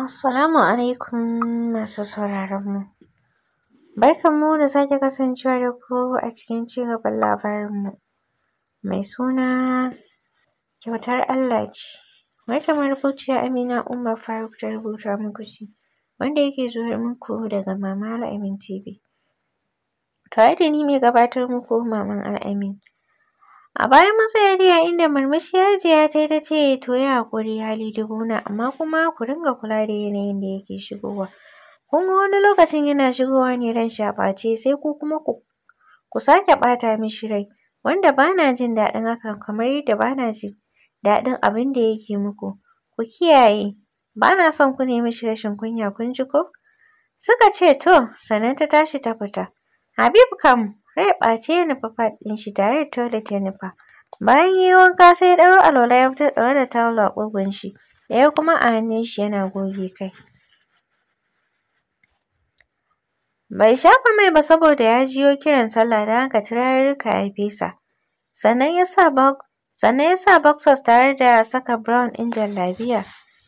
Assalamu alaikum masu sauraron mu. Barkan mu da sake kasancewa da ku a cikin cigaban labarin mu mai suna kyautar Allah ce wanda marubuciya Amina Umar Faruk ta rubuta muku shi wanda yake zuwa muku daga Mama Al-Amin TV. Tare da ni mai gabatar muku Maman Al-Amin. A bayan masayariya inda murmushi Hajiya ta yi ta ce to yi haƙuri hali na amma kuma ku ringa kula da yanayin da yake shigowa. Kun ga wani lokacin yana shigowa ne ran shi a sai ku kuma ku ku sake ɓata mishi rai wanda ba na jin daɗin hakan kamar yadda ba na jin daɗin abin da yake muku. Ku kiyaye ba na son ku nemi shi rashin kunya kun ji ko? Suka ce to sannan ta tashi ta fita. Habib kam Rai ɓace ya nufi pad ɗin shi tare da toilet ya nufa. Bayan yi wanka sai ya ɗauro alwala ya fitar ɗaure da tawul a ƙugun shi. Ya kuma a hannun shi yana goge kai. Bai shafa mai ba saboda ya jiyo kiran sallah da haka turaruka ya fesa. Sannan ya sa sannan ya sa boxers tare da saka brown ɗin jallabiya.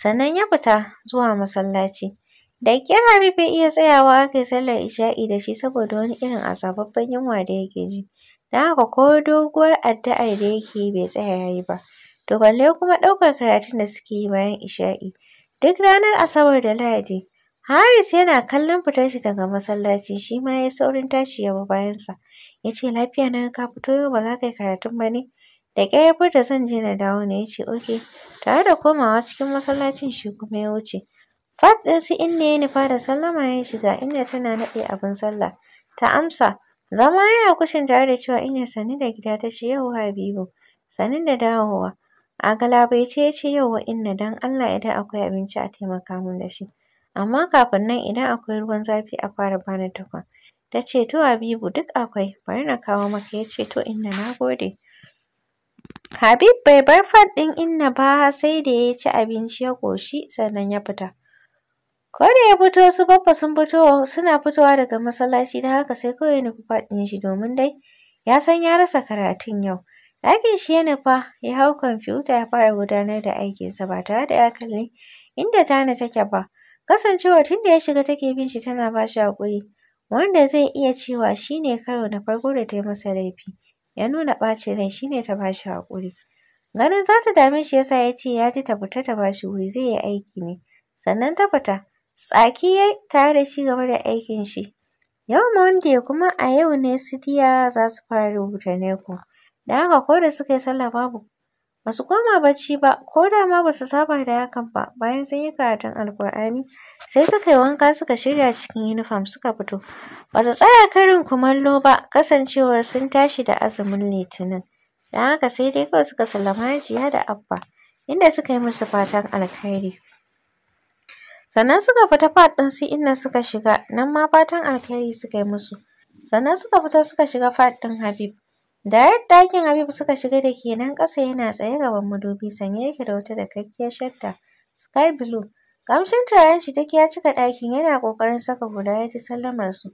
Sannan ya fita zuwa masallaci. Da ƙyar abin bai iya tsayawa aka yi sallar isha'i da shi saboda wani irin azababben yunwa da yake ji. Don haka ko doguwar addu'ar da yake yi bai tsaya ya yi ba. To balle kuma ɗaukar karatun da suke yi bayan isha'i. Duk ranar Asabar da Lahadi, Haris yana kallon fitar shi daga masallaci shi ma ya yi saurin tashi ya bi bayansa. Ya ce lafiya na ka fito yau ba za ka yi karatun ba ne? Da ƙyar ya furta zan je na dawo ne ya ce oke. Tare da komawa cikin masallacin shi kuma ya wuce. Fat ɗin su inna ya nufa da sallama ya shiga inda tana nade abin sallah. Ta amsa, zama ya yi kushin tare da cewa inna sani da gida ta ce yauwa Habibu, sannu da dawowa. A ce ya ce yauwa inna don Allah idan akwai abinci a taimaka min da shi. Amma kafin nan idan akwai ruwan zafi a fara bani tukun. Ta ce to Habibu duk akwai bari na kawo maka ya ce to inna na gode. Habib bai bar fat ɗin inna ba sai da ya ci abinci ya ƙoshi sannan ya fita. Ko da ya fito su babba sun fito suna fitowa daga masallaci da haka sai kawai nufi faɗin shi domin dai ya san ya rasa karatun yau. Ɗakin shi ya nufa ya hau kwamfuta ya fara gudanar da aikinsa ba tare da ya kalli inda Tana take ba. Kasancewar tun da ya shiga take bin shi tana ba shi haƙuri wanda zai iya cewa shi ne karo na farko da ta yi masa laifi. Ya nuna ɓacin rai shi ne ta ba shi haƙuri. Ganin za ta dame shi ya sa ya ce ya ji ta fita ta ba shi wuri zai yi aiki ne. Sannan ta fita. Tsaki ya yi tare da ci gaba da aikin shi. Yau Monday kuma a yau ne su Diya za su fara rubuta NECO. Da haka ko da suka yi sallah babu ba su koma bacci ba ko da ma ba su saba da hakan ba bayan sun yi karatun Alƙur'ani sai suka yi wanka suka shirya cikin yunifom suka fito. Ba su tsaya karin kumallo ba kasancewar sun tashi da azumin Litinin. Da haka sai dai kawai suka sallama jiya da Abba inda suka yi musu fatan alkhairi. sannan suka fita fat ɗin su inna suka shiga nan ma fatan alkhairi suka yi musu sannan suka fita suka shiga fat ɗin Habib da ɗakin Habib suka shiga da ke nan ƙasa yana tsaye gaban madubi sanye yake da wata dakakkiyar shadda sky blue kamshin turaren shi duk ya cika ɗakin yana ƙoƙarin saka hula ya ji sallamar su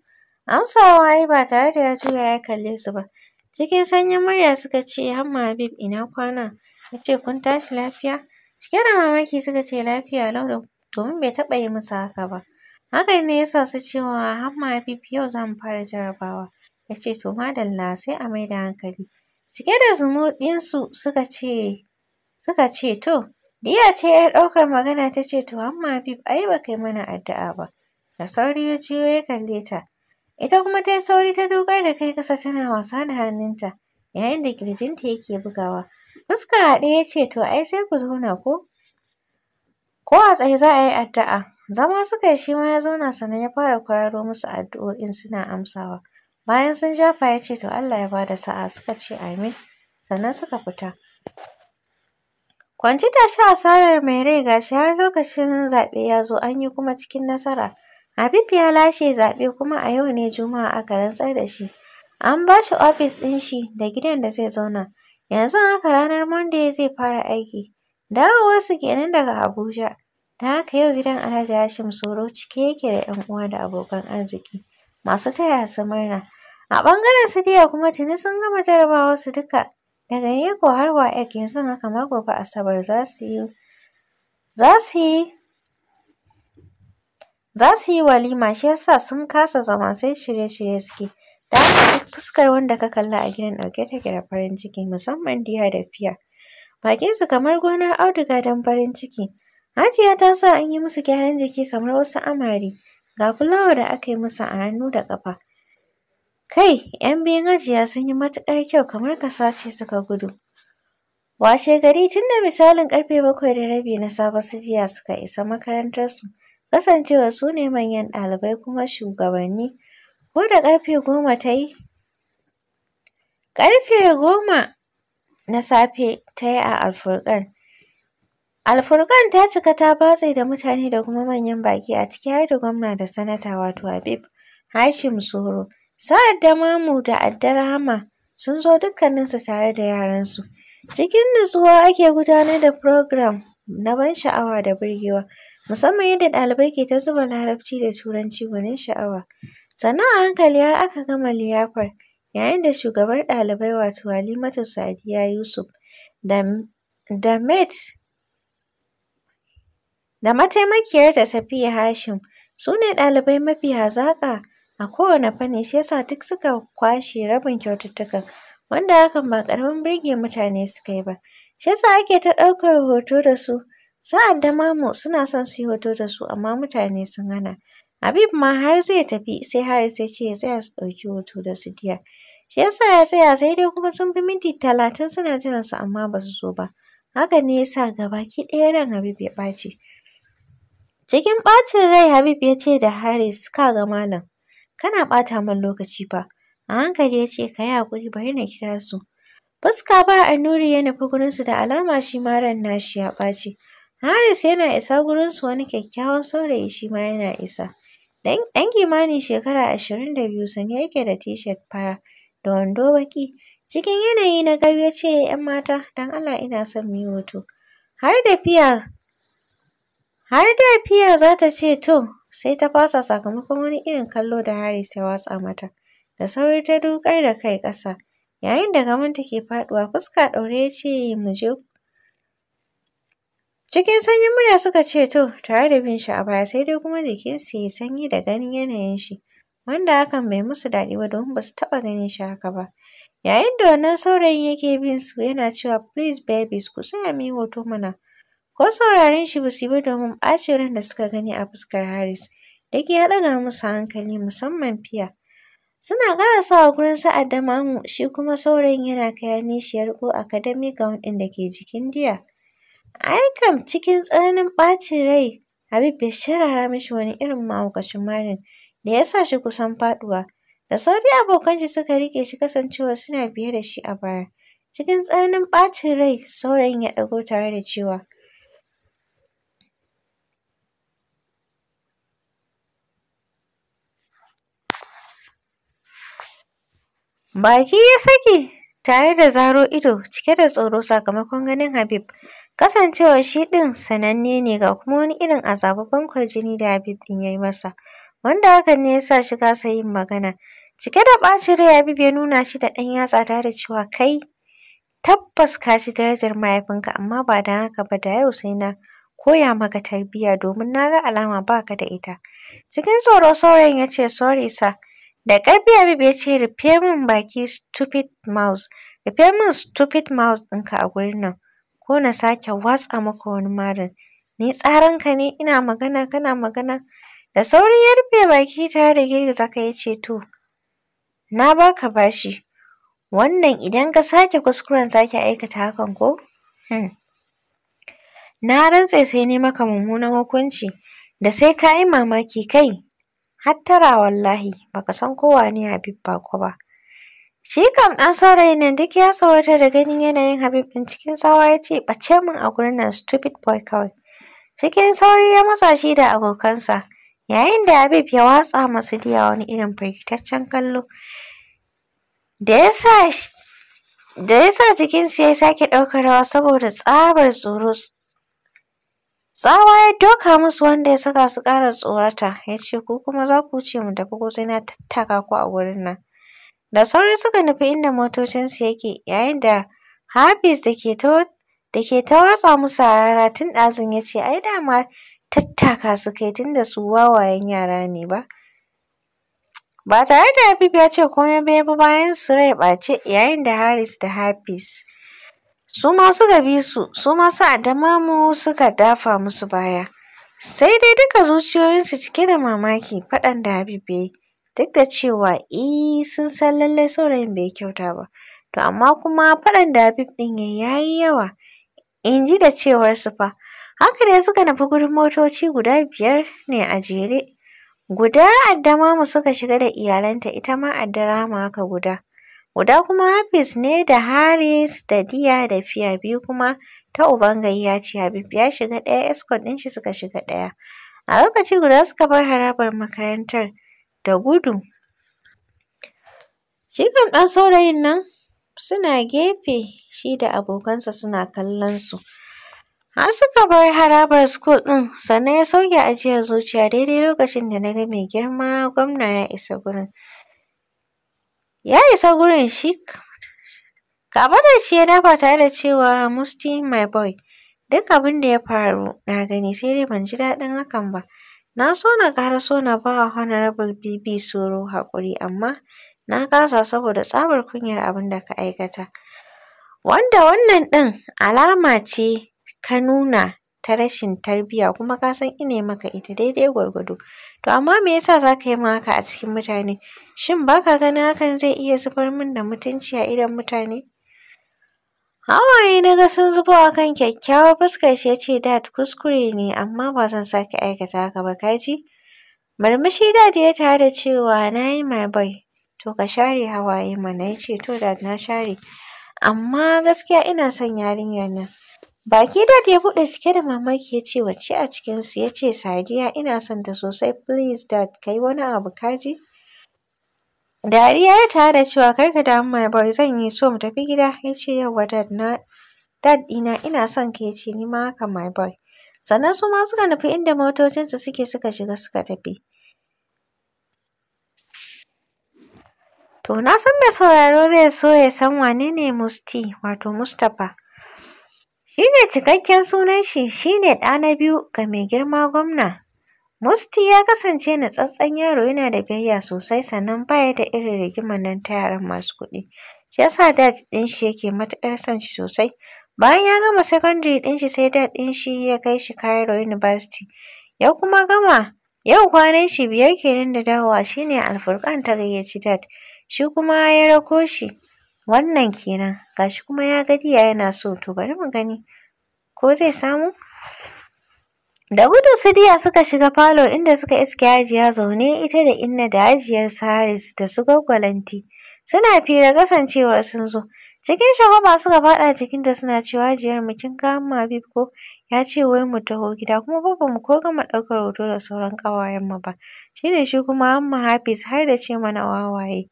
amsawa ai ba tare da ya juya ya kalle su ba cikin sanyin murya suka ce hamma Habib ina kwana ya ce kun tashi lafiya cike da mamaki suka ce lafiya lau da domin bai taɓa yi musu haka ba. Hakan ne ya sa su cewa Hamma Habib yau za fara jarabawa. Ya ce to madalla sai a mai da hankali. Cike da zumuɗinsu suka ce suka ce to Diya ce ‘yar ɗaukar magana ta ce to Hamma Habib ai ba kai mana addu'a ba. Da sauri ya jiyo ya kalle ta. Ita kuma ta yi sauri ta dogar da kai kasa tana wasa da hannunta yayin da kirjinta yake bugawa. Fuska haɗe ya ce to ai sai ku zauna ko Ko a tsaye za a yi addu'a. Zama suka yi shi ma ya zauna sannan ya fara kwararo musu addu'o'in suna amsawa. Bayan sun jafa ya ce to Allah ya bada sa'a suka ce amin sannan suka fita. Kwanci ta sha asarar mai rai gashi har lokacin zaɓe ya zo an yi kuma cikin nasara. Habib ya lashe zaɓe kuma a yau ne Juma'a aka rantsar da shi. An ba shi ofis ɗin shi da gidan da zai zauna. Yanzu haka ranar Monday zai fara aiki. Dawowarsu kenan daga Abuja. Da haka yau gidan Alhaji Hashim Soro cike yake da 'yan uwa da abokan arziki masu taya su murna. A ɓangaren su Diya kuma tuni sun gama su duka daga ko har WAEC yanzu haka ma Asabar za su yi za su yi za su yi walima shi yasa sun kasa zama sai shirye-shirye suke. Da haka duk fuskar wanda ka kalla a gidan ɗauke take da farin ciki musamman Diya da Fiya. su kamar gonar auduga don farin ciki. Hajiya ta sa an yi musu gyaran jiki kamar wasu amari ga fulawa da aka yi musu a hannu da ƙafa. Kai, ‘yan biyun Hajiya sun yi matuƙar kyau kamar kasa ce suka gudu. Washe gari tun da misalin ƙarfe bakwai da rabi na safe su jiya suka isa makarantarsu, kasancewa su ne manyan ɗalibai kuma shugabanni. Ko da ƙarfe goma ta yi, ƙarfe goma na safe ta yi a Alfurƙan, Alfurkan ta cika ta batse da mutane da kuma manyan baki a ciki har da gwamna da sanata wato Habib Hashim Soro. Sa'ad da Mamu da Addarahama sun zo dukkaninsu tare da yaransu. Cikin nutsuwa ake gudanar da program na ban sha'awa da burgewa, musamman yadda ɗalibai ke ta zuba larabci da turanci gwanin sha'awa. Sannan a hankali har aka gama liyafar, yayin da shugabar ɗalibai wato Halimatu Sadiya Yusuf da da mate da mataimakiyar da Safiya Hashim su ne ɗalibai mafi hazaƙa a kowane fanni shi yasa duk suka kwashe rabin kyaututtukan wanda hakan ba ƙaramin birge mutane suka yi ba. Shi yasa ake ta ɗaukar hoto da su sa'ad da mamu suna son su yi hoto da su amma mutane sun hana. Habib ma har zai tafi sai Haris ya ce zai tsaya su ɗauki hoto da su diya. Shi yasa ya tsaya sai dai kuma sun bi minti talatin suna su amma ba su zo ba. Haka ne ya sa gabaki ɗaya ran Habib ya ɓaci. Cikin ɓacin rai Habib ya ce da Haris ka ga malam, kana ɓata min lokaci fa. A hankali ya ce ka yi haƙuri bari na kira su. Fuska ba a Nuri ya nufi gurinsu da alama shi ma ran nashi ya ɓaci. Haris yana isa gurinsu wani kyakkyawan saurayi shi ma yana isa. Ɗan kimanin shekara ashirin da biyu sanye yake da Tishet fara da wando baƙi. Cikin yanayi na gab ya ce ‘yan mata don Allah ina son mu yi hoto. Har da fiya Har da fiya za ta ce to, sai ta fasa sakamakon wani irin kallo da Haris ya watsa mata. Da sauri ta dukar da kai ƙasa. Yayin da gaban take faɗuwa, fuska ɗaure ya ce mu je Cikin sanyi murya suka ce to, tare da bin shi a baya sai dai kuma jikinsu ya sanyi da ganin yanayin shi. Wanda hakan bai musu daɗi ba don ba su taɓa ganin shi haka ba. Yayin da wannan saurayin yake bin su yana cewa please babies ku tsaya mu yi hoto mana. ko sauraren shi ba yi ba domin ɓacin ran da suka gani a fuskar Haris. Duk ya ɗaga musu hankali musamman fiya. Suna sawa gurin sa da mamu shi kuma saurayin yana kaya shi ya riƙo Academy gown ɗin da ke jikin diya. Aikam cikin tsananin ɓacin rai Habib bai shirara mishi wani irin mahaukacin marin da ya sa shi kusan faɗuwa. Da sauri abokan shi suka riƙe shi kasancewa suna biye da shi a baya. Cikin tsananin ɓacin rai saurayin ya ɗago tare da cewa Baki ya saki tare da zaro ido cike da tsoro sakamakon ganin Habib. Kasancewa shi ɗin sananne ne ga kuma wani irin azababban kwarjini da Habib ɗin ya yi masa, wanda hakan ne ya sa shi kasa yin magana. Cike da ɓacin rai Habib ya nuna shi da ɗan yatsa tare da cewa kai tabbas ka ci darajar mahaifinka amma ba don haka ba da yau sai na koya maka tarbiyya domin na ga alama ba ka da ita. Cikin tsoro saurayin ya ce sorry sir. Da ƙarfi Habib ya ce rufe min baki stupid mouse, rufe min stupid mouse ɗinka a gurin nan ko na sake watsa maka wani marin. Ni ka ne ina magana kana magana. Da saurin ya rufe baki tare da girgiza kai ya ce to na baka bashi. Wannan idan ka sake kuskuren sake aikata hakan ko? Hmm. Na rantse sai ne maka mummunan hukunci da sai ka yi mamaki kai hattara wallahi baka san kowa ne Habib Bako ba. Shi kam ɗan saurayin nan duk ya tsorata da ganin yanayin Habib ɗin cikin tsawa ya ce ɓace min a gurin nan stupid boy kawai. Cikin sauri ya matsa shi da abokansa yayin da Habib ya watsa masu diya wani irin firgitaccen kallo. Da ya sa da ya sa jikinsu ya sake ɗaukar rawa saboda tsabar tsoro Tsawa ya doka musu wanda ya saka su ƙara tsorata, ya ce ku kuma za ku wuce mu tafi ko sai na tattaka ku a wurin nan. Da sauri suka nufi inda motocinsu yake, yayin da Hafiz da ke ta watsa musu harara tun ɗazun ya ce ai dama tattaka su kai da su wawayen yara ne ba. Ba tare da Habib ya ce komai ba ya bi bayan su rai ɓace yayin da Haris da Hafiz su ma suka bi su su ma su mu suka dafa musu baya sai dai duka zuciyoyinsu cike da mamaki faɗan da Habibu ya duk da cewa e sun san lallai saurayin bai kyauta ba to amma kuma faɗan da Habibu ɗin ya yi yawa in ji da cewar su fa haka dai suka nufi gurin motoci guda biyar ne a jere guda addama mu suka shiga da iyalanta ita ma addarama haka guda Guda kuma Hafiz ne da Haris da Diya da Fiya biyu kuma ta uban gayya ce Habib ya shiga ɗaya escort ɗin shi suka shiga ɗaya. A lokaci guda suka bar harabar makarantar da gudu. Shi kan ɗan saurayin nan suna gefe shi da abokansa suna kallon su. Har suka bar harabar school ɗin sannan ya sauke ajiyar zuciya daidai lokacin da na ga mai girma gwamna ya isa gurin. ya isa gurin shi gaba da shi ya dafa tare da cewa musti my boy duk abin da ya faru na gani sai dai ban ji daɗin hakan ba na so na ƙara so na ba wa honorable bb soro haƙuri amma na kasa saboda tsabar kunyar abin da ka aikata wanda wannan ɗin alama ce ka nuna ta rashin tarbiyya kuma ka san ina maka ita daidai gwargwado. To amma me yasa za ka yi ma haka a cikin mutane? Shin ba ka ganin hakan zai iya zubar min da mutunci a idon mutane? Hawaye na ga sun zubo a kan kyakkyawar fuskar shi ya ce dad kuskure ne amma ba zan sake aikata haka ba ka ji? Murmushi dad ya tare da cewa na yi my boy. To ka share hawaye mana ya ce to dad na share. Amma gaskiya ina son yarinyar nan. Baki Dad ya buɗe cike da mamaki ya ce wacce a cikinsu ya ce Sadiya ina son da sosai please Dad kai wani abu kaji. Dariya ya tara da cewa kar ka damu my boy zan yi so mu tafi gida ya ce yauwa Dad na Dad ɗina ina son ka ya ce ni ma haka my boy. Sannan su ma suka nufi inda motocinsu suke suka shiga suka tafi. To na san da sauraro zai so ya san wane ne Musti wato Mustapha. Shi ne cikakken sunan shi, shi ne ɗa na biyu ga mai girma gwamna. Musti ya kasance natsatsen yaro yana da biyayya sosai sannan baya da irin rigimar nan ta yaran masu kuɗi. Shi ya sa dad ɗin shi yake matuƙar son shi sosai. Bayan ya gama sakandare ɗin shi sai dad ɗin shi ya kai shi Cairo University. Ya kuma gama yau kwanan shi biyar kenan da dawowa shi ne Alfurƙan ta gayyaci dad. Shi kuma ya rako shi. Wannan kenan gashi kuma ya ga diya yana so to bari mu gani ko zai samu. Da gudu su diya suka shiga falo inda suka iske hajiya zaune ita da inna da hajiyar Haris da su gwaggwalanti. Suna fira kasancewar sun zo. Cikin shagwaba suka faɗa cikin da suna cewa hajiyar mu kin ga Habib ko ya ce wai mu taho gida kuma fa mu ko gama ɗaukar hoto da sauran ƙawayen mu ba. Shi ne shi kuma Amma Hafis, har da ce mana wawaye.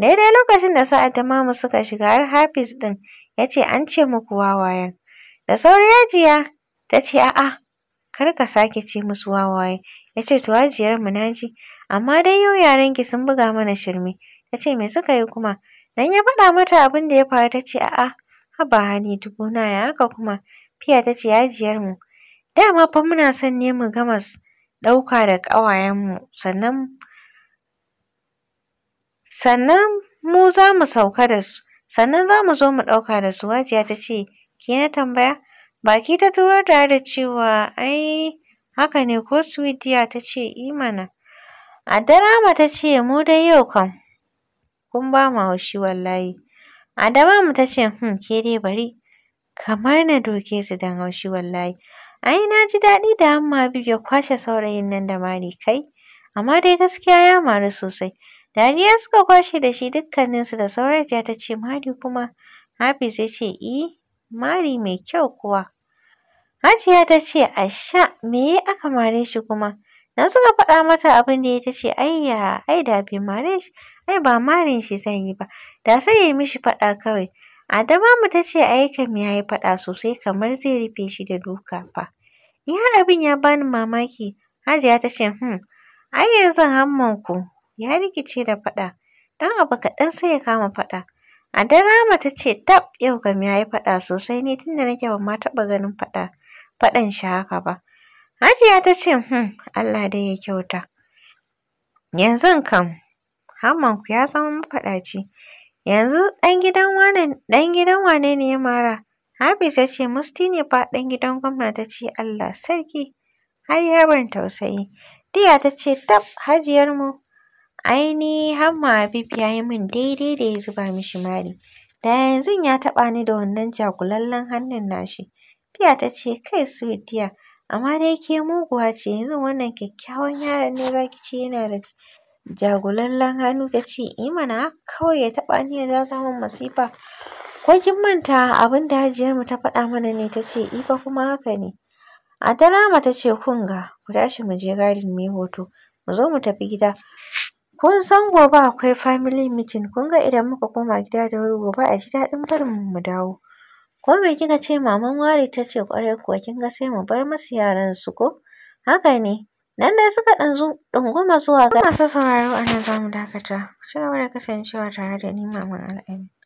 Daidai lokacin da Sa'ad ta Mamu suka shiga har Hafiz ɗin ya ce an ce muku wawayen. Da sauri yajiya! ta ce a'a kar ka sake ce musu wawaye. Ya ce to Hajiyar mu na ji amma dai yau yarenki sun buga mana shirme. Ta ce me suka yi kuma? Dan ya faɗa mata abin da ya faru ta ce a'a haba hani na ya haka kuma. Fiya ta ce Hajiyar mu dama fa muna son ne mu gama ɗauka da ƙawayen mu sannan sannan mu za mu sauka da su sannan za mu zo mu ɗauka da su hajiya ta ce ki na tambaya baki ta turo da da cewa ai haka ne ko suwidiya ta ce imana adarama ta ce mu da yau kam kun ba mu haushi wallahi adamamu ta ce hmm ke dai bari kamar na doke su don haushi wallahi ai na ji daɗi da amma biyu ya kwashe saurayin nan da mari kai amma dai gaskiya ya maru sosai Dariya suka kwashe da shi dukkaninsu da sauran ta ce Mari kuma. Hafiz ya ce i, eh, Mari mai kyau kuwa. Hajiya ta ce asha me aka mare shi kuma. Dan suka faɗa mata abin da ya ta ce ayya ai da bi mare shi ai ba marin shi zan yi ba da sai ya yi mishi faɗa kawai. Adamamu ta ce ai kam ya yi faɗa sosai kamar zai rufe shi da duka fa. Ni har abin ya bani mamaki. Hajiya ta ce hmm ai yanzu hamman ku ya rikice da faɗa, don abu kaɗan sai ya kama faɗa. A darama ta ce tab yau kam ya yi faɗa sosai ne, tunda nake ban ma taɓa ganin faɗa faɗan shi haka ba. Hajiya ta ce hmm Allah dai ya kyauta. Yanzu kam ku ya zama mafaɗaci. Yanzu ɗan gidan wane ɗan gidan wane ne ya mara? Hafiz ya ce Musti ne fa ɗan gidan gwamna ta ce Allah sarki har yaron tausayi. Diya ta ce tab mu! Ai ni hamma Habib ya yi min daidai da ya zuba mishi mari. Da yanzu ya taba ni da wannan jagulallen hannun nashi. Fiya ta ce, kai su diya. amma dai ke muguwa ce yanzu wannan kyakkyawan yaron ne za ki ce yana da jagulallen hannu ta ce, i kawai ya taba ni ya za min masifa. Ko manta abin da mu ta faɗa mana ne ta ce, i fa kuma haka ne. A darama ta ce, kun ku tashi mu je gadin mu yi hoto, mu zo mu tafi gida. kun san gobe akwai family meeting kun ga idan muka koma gida da wuri gobe a ji daɗin barin mu mu dawo ko me kika ce maman wari ta ce ƙwarai kuwa kin ga sai mu bar musu yaran su ko haka ne nan dai suka ɗan ɗunguma zuwa ga masu sauraro a nan za mu dakata ku ci gaba da kasancewa tare da ni maman al'amin